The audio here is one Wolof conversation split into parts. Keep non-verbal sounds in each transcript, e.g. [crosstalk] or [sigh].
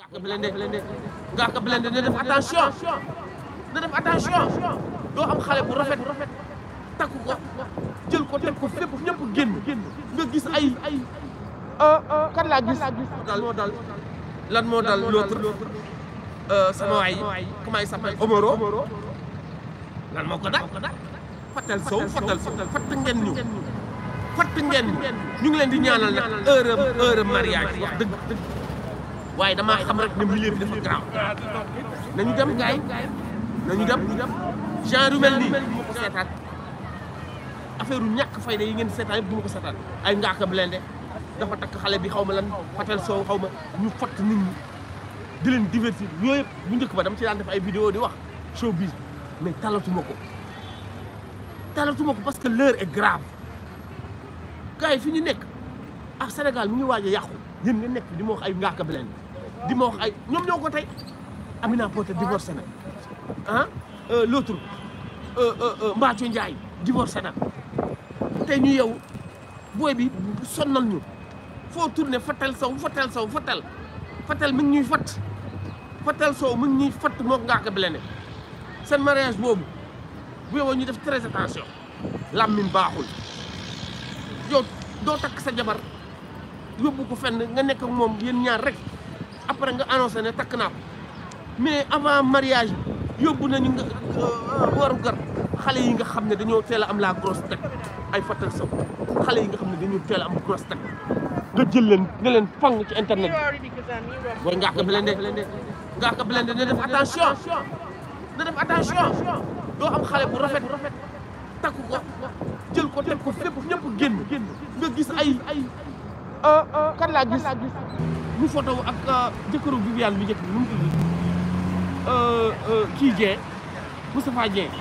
Ngaaka Blindé Ngaaka Blindé na def attention na def attention doo am xale bu rafet takku ko jël ko teg ko fépp ñëpp génn nga gis ay ay kan laa gis daal moo dal lan moo daal l'autre euh, sama waay comment il Omoro lan moo ko nag fatal sow fatal fatt ngeen ñu fatt ngeen ñu ñu ngi leen di ñaanal nag heure heure mariage waaye dama xam rek ne milieu bi dafa garaaw nañu dem gaay nañu dem genre yu mel nii bu ko seetaan affaire u ñàkk fayda yi ngeen seetaan yëpp du ma ko seetaan ay ngaaka blende dafa takk xale bi xaw ma lan fatel soow xaw ma ñu fott nit ñi di leen divertir yooyu yëpp bu njëkk ba dama ci daan def ay vidéo di wax showbiz mais talatuma ko talatuma ko parce que l'heure est grave gars fi ñu nekk ak Sénégal mu ngi waaj a yàqu nga nekk di ma wax ay ngaaka bi leen di ma wax ay ñoom ñoo ko tey am Poté divorcé na ah euh, l'autre euh, euh, Mbathio Ndiaye divorcé na tey ñu yow booy bi sonnal ñu foo turne fatal sow fatal sow fatal fatal mi ngi ñuy fat fatal sow mi ngi ñuy fat mook ngaaka bi leen seen mariage boobu bu yow ñu def très attention làmmiñ baaxul yow doo takk sa jabar yóbbu ko fenn nga nekk ak moom yéen ñaar rek après nga annoncé ne takk naa ko mais avant mariage yóbbu nañu nga euh, waru gar xale yi nga Je ne dañoo teel a am la grosse tête ay Fatal Sow xale yi nga Je ne dañoo am grosse tête nga jël leen nga leen pang ci internet bi. booy Ngaaka Blindé Ngaaka Blindé na def attention Je def attention pas am de bu rafet takku ko jël ko teg ko fépp ñëpp génn nga gis ay ay. kan laa gis mu photo ak euh, jëkkëru Viviane bi njëkk bi mu tudd euh, euh, kii Dieng Moustapha Dieng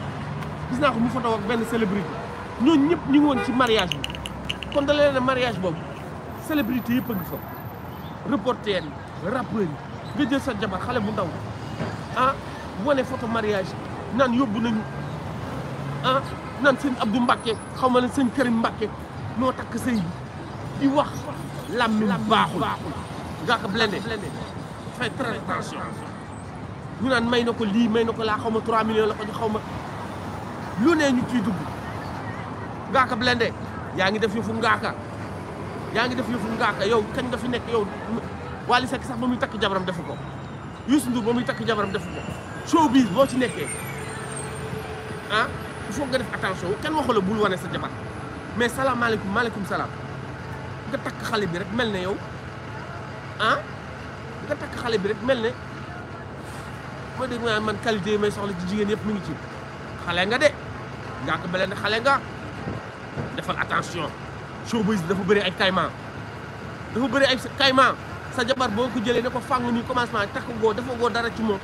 gis naa ko mu photo ak benn célébrité ñooñu ñëpp ñu ngi woon ci mariage bi kon da leen ne mariage boobu célébrité yëpp a fa reporter yi rappeur nga jël sa jabar xale bu ndaw ah wane photo mariage naan yóbbu nañu ah naan seen Abdou Mbacke xaw ma ne seen Karim Mbacke noo takk sëy bi di wax lam lam baaxul Ngaaka Blindé fais très attention ñu naan may na ko lii may na ko laa xaw ma 3 millions la ko ñu xaw ma lu ne ñu ciy dugg Ngaaka Blindé yaa ngi def yëfu Ngaaka yaa ngi def yëfu Ngaaka yow kañ nga fi nekk yow Wally Seck sax ba muy takk jabaram defu ko Youssou Ndour ba muy takk jabaram defu ko showbiz boo ci nekkee ah il faut nga def attention kenn waxula la bul wane sa jabar mais salaamaaleykum maaleykum salaam nga takk xale bi rek mel ne yow ah nga takk xale bi rek mel ne mooy dégg man qualité may soxla ci jigéen yëpp mu ngi ci xale nga de ngaa ko beleen xale nga defal attention showbiz dafa bëri ay caïman dafa bëri ay caïman sa jabar boo ko jëlee ne ko fàng nii commencement takk goo dafa goo dara ci moom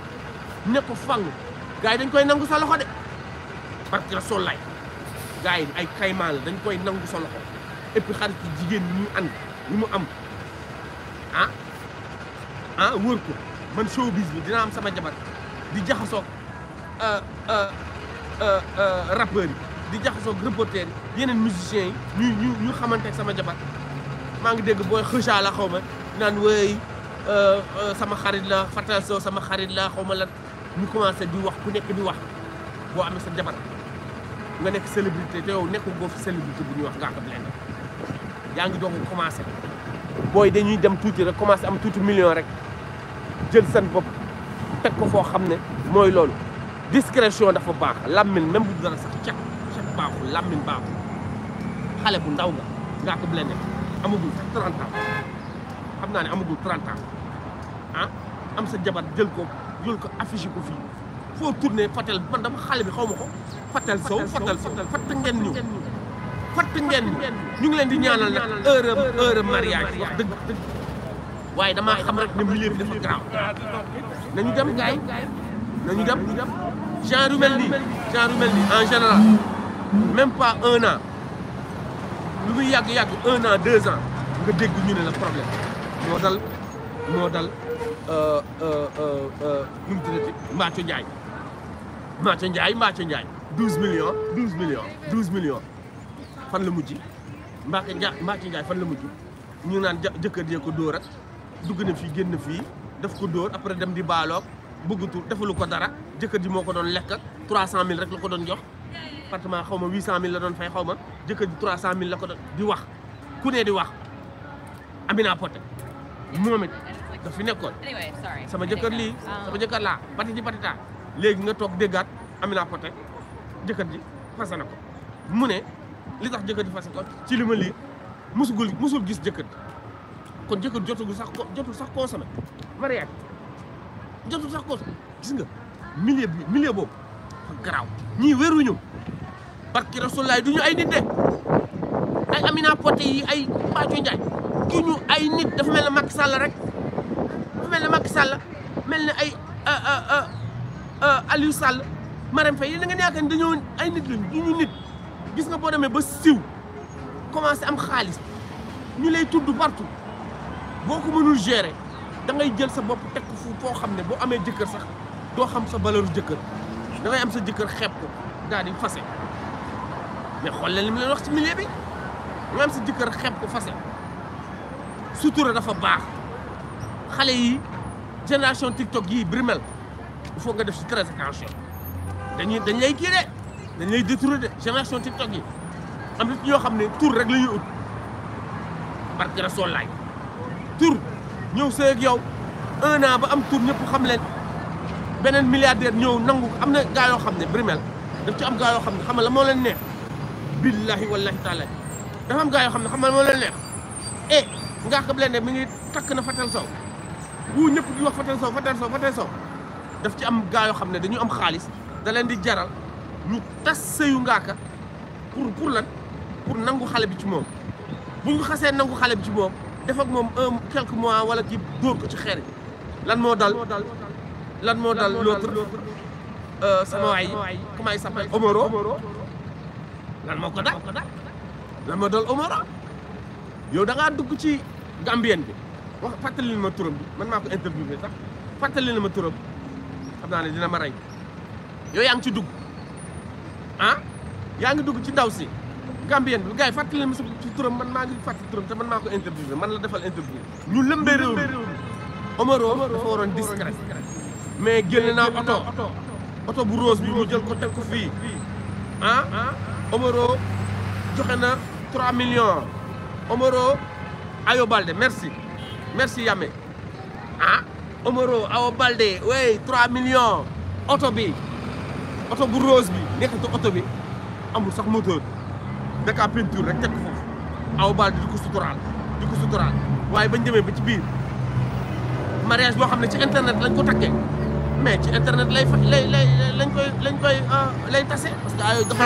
ne ko fàng gars yi dañ koy nangu sa loxo de parce que sol yi ay caïman la dañ koy nangu sa loxo et puis xarit jigéen ñi ñu ànd ñu mu am ah ah wóor ko man bis bi dina am sama jabar di jaxasoog euh, euh, euh, rappeurs yi di jaxasoog reporters yi yeneen musiciens yi ñu ñu ñu xamante sama jabar maa ngi dégg booy xëca xaw ma naan wéy sama xarit la Fatal sama xarit la xaw ma lan ñu commencé di wax ku nekk di wax boo amee sa jabar nga nekk célébrité te yow nekkul boo fi célébrité bu ñu wax nga xam leen yaa ngi doog commencé booy dañuy dem tuuti rek commencé am tuuti million rek jël seen bopp teg ko foo xam ne mooy loolu discrétion dafa baax làmmiñ même bu dara sax cek cek baaxul làmmiñ baaxul xale bu ndaw nga Ngaaka Blindé amagul xam naa ne amagul 30 ans ah am sa jabar jël ko jël ko affiché ko fii foo tourné Fatel man dama xale bi xaw ma ko Fatel Sow Fatel Sow Fatel ngeen fatt ngeen ñu ngi leen di ñaanal nag heure heure mariage wax dëgg dëgg waaye damaa xam rek ne milieu bi dafa garaaw nañu dem gaay nañu dem genre yu mel nii genre yu mel nii en général même pas un an lu muy yàgg-yàgg un an deux ans nga dégg ñu ne la problème moo dal moo dal euh, euh, euh, nu mu tuddati Mbathio Ndiaye Mbathio Ndiaye Mbathio Ndiaye douze millions douze millions douze millions fan la mujj Mbacke Ndiaye Mbacke Ndiaye fan la mujj ñu naan jëkkër jee ko dóor ak dugg na fii génn fii daf ko dóor après dem di baaloog bëggatul defalu ko dara jëkkër ji moo ko doon lekk ak 300000 rek la ko doon jox appartement xaw ma 800000 la doon fay xaw ma jëkkër ji 300000 la ko doon di wax ku ne di wax Amina Poté moom it dafi nekkoon sama jëkkër lii ah. sama jëkkër laa pati ji patita léegi nga toog déggaat Amina pote jëkkër ji fase na ko mu ne li tax jëkkër di fase ko ci li ma lii musugul gis jëkkër kon jëkkër jotugul sax jotul sax consommé mariage jotul sax consommé gis nga milieu bi milieu boobu garaaw ñii wéruñu barki rasulaay du ñu ay nit de ay Amina Poté yi ay Mbathio Ndiaye du ñu ay nit dafa mel ne Macky Sall rek dafa mel ne Macky Sall mel ne ay euh, euh, euh, Aliou Sall Marème Faye yéen da nga yaakaar ne dañoo ay nit lañu ñu nit gis nga boo demee ba siw commencé am xaalis ñu lay tudd partout boo ko mënul gere dangay jël sa bopp teg foo xam ne boo amee jëkkër sax doo xam sa valeur jëkkër da ngay am sa jëkkër xeeb ko daal di fase mais xool leen li mu leen wax ci milieu bi nga sa jëkkër xeeb ko fase sutura dafa baax xale yi génération TikTok yii brimel il faut nga def si très dañuy dañ lay kii de dañ lay détourné de génération TikTok yi am nit ñoo xam ne tur rek la ñuy ut barke Rasuul laay tur ñëw sëy ak yow un an ba am tur ñëpp xam leen beneen milliardaire ñëw nangu am na gaa yoo xam ne brimel daf ci am gaa yoo xam ne xam la moo leen neex billahi wallahi taala dafa am gaa yoo xam ne xam la moo leen neex e xam leen ne mi ngi takk na Fatel Sow bu ñëpp di wax Fatel Sow Fatel Sow Fatel Sow daf ci am gaa yoo xam ne dañu am xaalis da leen di jaral lu tas sëyu ngaka pour pour lan pour nangou xalé bi ci mom bu ñu xasse nangou xalé bi ci mom def ak mom un quelques mois wala ki door ko ci xéer lan mo dal lan mo dal l'autre euh, sama waay comment il s'appelle Omoro lan moko dal lan mo dal Omoro yow da nga dugg ci Gambien bi wax fatali ma turam man mako ko interviewé sax fàttali na ma turam xamna ni dina ma ray yow yang ci dugg ah yaa ngi dugg ci ndaw si Gambien bi gars yi fàttali leen ma ci turam man maa ngi fàttali turam te man maa ko interviewé man la defal interview ñu lëmbee réew mi Omaro dafa waroon discret mais génne naa oto oto bu rose bi mu jël ko teg ko fii ah Omaro joxe na 3 millions Omaro Ayo Balde mersi merci Yamé omo ah, Omaro Ayo Balde wey 3 millions oto bi oto bu rose bi. nekkatu oto bi amul sax moteur da kaa peinture rek teg ko foofu aw baal di ko suturaal di ko suturaal waaye bañ demee ba ci biir mariage boo xam ne ci internet lañ ko takkee mais ci internet lay fa lay lay lañ koy lañ koy lay tase parce que ayoo dafa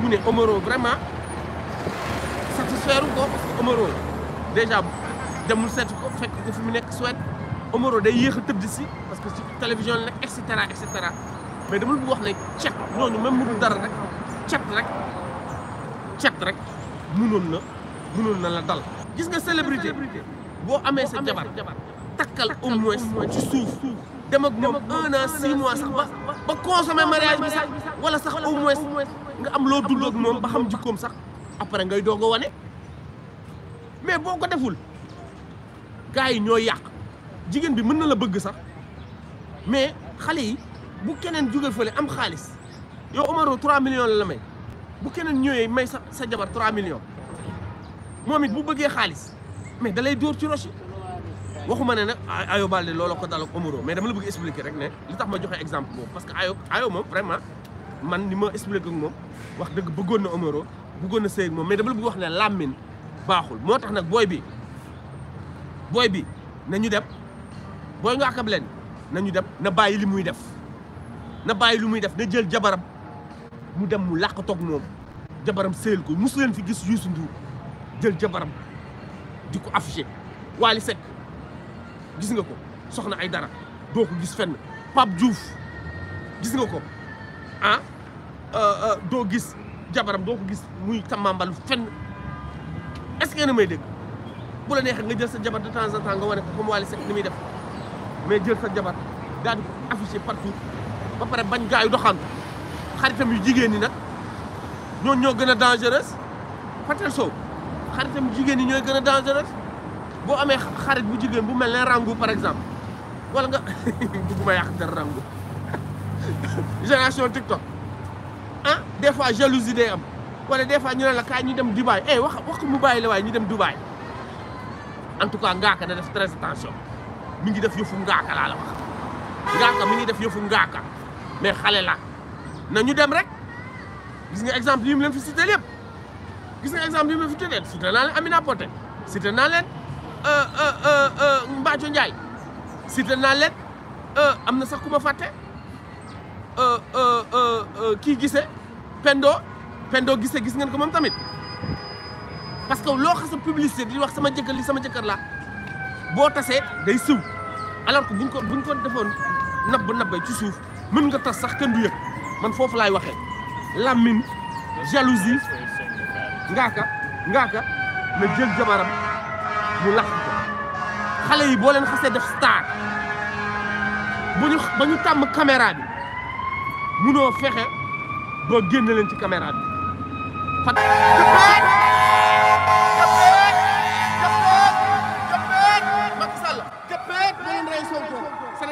mu ne Omaro vraiment satisfaire ko parce que Omaro déjà demul seet ko fekk ko fi mu nekk Suède Omaro day yéex a tëdd si parce que ci télévision la nekk et cetera et cetera. mais dama bëgg wax na cet ñooñu même mënul dara rek cet rek cet rek mënoon na mënoon na la dal. gis nga célébrité boo amee sa jabar takkal au moins ci suuf dem ak moom un an six mois sax ba koo consommé mariage bi sax wala sax au moins nga am loo dund ak moom ba xam jikkoom sax après ngay doog a wane mais boo ko deful gars yi ñoo yàq jigéen bi mën na la bëgg sax mais xale yi. bu keneen jóge fële am xaalis yow Omaro 3 millions la la may bu keneen ñëwee may sa sa jabar 3 millions moom it bu bëggee xaalis mais dalay lay dóor ci roche waxuma ne nag Ayo Baldé looloo ko dal ak mais dama la bëgg expliquer rek ne li tax ma joxe exemple boobu parce que Ayo Ayo moom vraiment man ni ma expliquer ak moom wax dëgg bëggoon na Omaro bëggoon na sëy moom mais dama la bëgg wax ne làmmin baaxul moo tax nag booy bi booy bi nañu dem booy nga leen nañu dem na bàyyi li muy def. na bàyyi lu muy def na jël jabaram mu dem mu làq toog moom jabaram sëyal ko mosu leen fi gis Youssou Ndour jël jabaram di ko affiché Wally Seck gis nga ko soxna ay dara doo ko gis fenn Pape Diouf gis nga ko ah euh, euh, doo gis jabaram doo ko gis muy tamambalu fenn est-ce que yéen may dégg bu la neexee nga jël sa jabar de temps en temps nga wane ko comme Wally Seck ni muy def mais jël sa jabar daal di ko affiché partout ba pare bañ gars yi doxantu xaritam yu jigéen ñi nag ñooñu ñoo gën a dangereuse Fatel Sow xaritam jigéen ñi ñooy gën a dangereuse boo amee xarit bu jigéen bu mel ne Rangou par exemple wala nga [laughs] bëgguma yàq dara Rangou [laughs] génération TikTok ah des fois jalousie day am wala des fois ñu ne la kaay ñu dem Dubaï eh wax wax mu bàyyi la waaye ñu dem Dubaï en tout cas ngaaka na def très attention mi ngi def yëfu ngaaka laa la wax ngaaka mi ngi def yëfu ngaaka. mais xale la na ñu dem rek gis nga exemple yi leen fi cité yëpp gis nga exemple yi mu leen fi cité cité naa leen Amina Poté cité naa leen euh, euh, euh, Mbathio Ndiaye cité naa leen am na sax ku ma fàtte kii gise Pendo Pendo gisee gis ngeen ko moom tamit parce que loo xas a publicité di wax sama jëkkër li sama jëkkër la boo tasee day siw alors que buñ ko buñ ko defoon nab nabb nabbee ci suuf. mën nga tas sax kenn du yëg man foofu laay waxee làmmiñ jalousie ngaaka ngaaka na jël jabaram mu lax ko xale yi boo leen xasee def star bu ñu ba ñu tàmm caméra bi munoo fexe ba génne leen ci caméra bi fat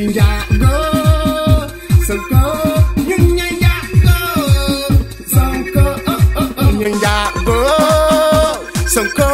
nhân dạ go sân go nhân nhân dạ go sân go nhân dạ go sân go